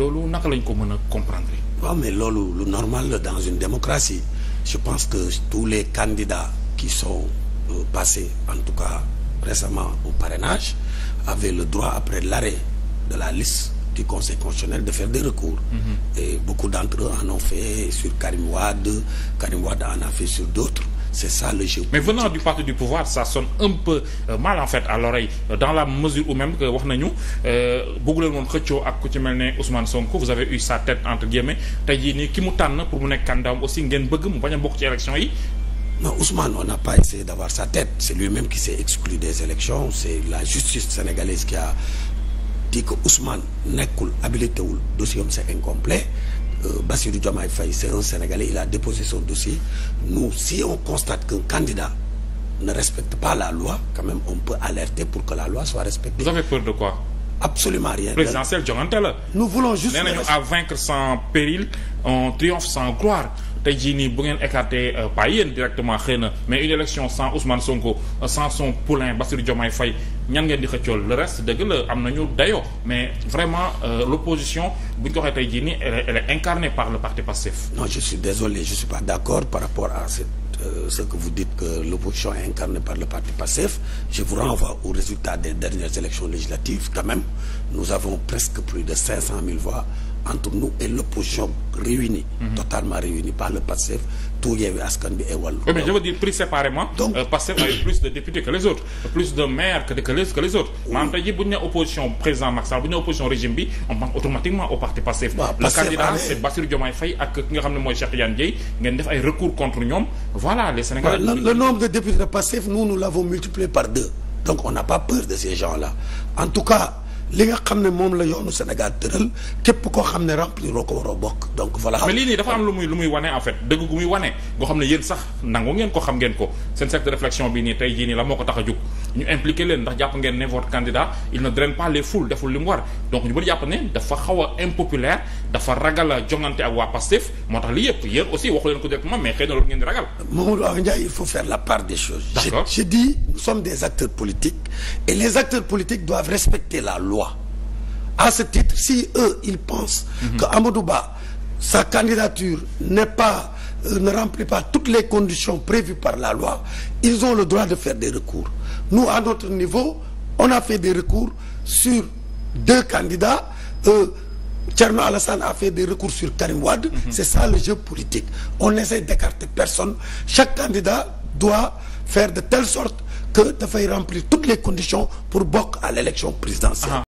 loolu naka lañ ko mën a comprendre. waaw mais loolu lu normal la dans une démocratie je pense que tous les candidats qui sont euh, passés en tout cas récemment au parrainage avaient le droit après l'arrêt de la liste du conseil constitutionnel de faire des recours. Mm-hmm. et beaucoup d'entre eux en fait sur Karim Wade en a fait sur d'autres c'est ça le jeu. mais venant du parti du pouvoir ça sonne un peu euh, mal en fait à l'oreille euh, dans la mesure où même que wax nañu euh, bëggu leen woon xëccoo ak ku ci mel ne Ousmane Sonko vous avez eu sa tête entre guillemets tey jii nii ki mu tànn pour mu nekk kandidaam aussi ngeen bëgg mu bañ a bokk ci élection yi. Non, Ousmane, on n'a pas essayé d'avoir sa tête. C'est lui-même qui s'est exclu des élections. C'est la justice sénégalaise qui a dit que Ousmane nekkul habilité wul dossier Euh, Bassirou Diomaye Faye c'est un Sénégalais a déposé son dossier nous si on constate qu'un candidat ne respecte pas la loi quand même on peut alerter pour que la loi soit respectée. vous avez peur de quoi. absolument rien nous voulons juste. péril on triomphe sans gloire. tey jii nii bu ngeen écarté pas euh, yéen directement xëy na mais une élection sans Ousmane Sonko euh, sans son poulain Bassirou Diomaye Faye ñan ngeen di xëccool le reste dëgg la am nañu dayoo mais vraiment euh, l'opposition bu ñu ko waxee tey jii nii elle est incarnée par le parti Pastef. non je suis désolé je suis pas d'accord par rapport à ce que vous dites que l'opposition est incarnée par le parti PASTEF, je vous renvoie aux résultats des dernières élections législatives entre nous et l'opposition réunie. Mhm. totalement réunie par le PASTEF tout Yewwi Askan Wi et Wallu. Oui, mais dire pris séparément. Euh, plus de députés que les autres plus de maires que les autres. maanaam tey jii bu opposition régime bi automatiquement au parti PASTEF. le candidat c' est Bassirou Diomaye Faye ak ki recours contre ñoom voilà le, le de députés de PASTEF nous nous l'avons multiplié par deux donc on n'a pas peur de ces gens là li nga xam ne moom la yoonu Sénégal tëral képp koo xam ne rempliroo ko waroo bokk donc voilà. mais lii nii dafa am lu muy lu muy wane en fait dëgg gu muy wane nga xam ne yéen sax nangu ngeen ko xam ngeen ko seen secte de réflexion bi nii tey jii nii la moo ko tax a jóg ñu impliqué leen ndax jàpp ngeen ne votre candidat il ne draine pas les deful li mu war donc ñu bëri jàpp ne dafa xaw a impopulaire dafa ragal a jongante ak waa Pastef moo tax lii yëpp yéen aussi ko directement mais xëy na loolu ngeen di ragal. Mamadou Awa à ce titre si eux ils pensent mm -hmm. sa candidature pas euh, ne remplit pas toutes les conditions prévues par la loi ils ont le droit de faire des recours nous à notre niveau on a fait des recours sur deux candidats euh, Thierno Alassane a fait des recours sur Karim Wade mm -hmm. c'est ça le jeu politique on essaie d'écarter personne chaque candidat doit faire de telle sorte que dafay remplir toutes les conditions pour bokk à l'élection présidentielle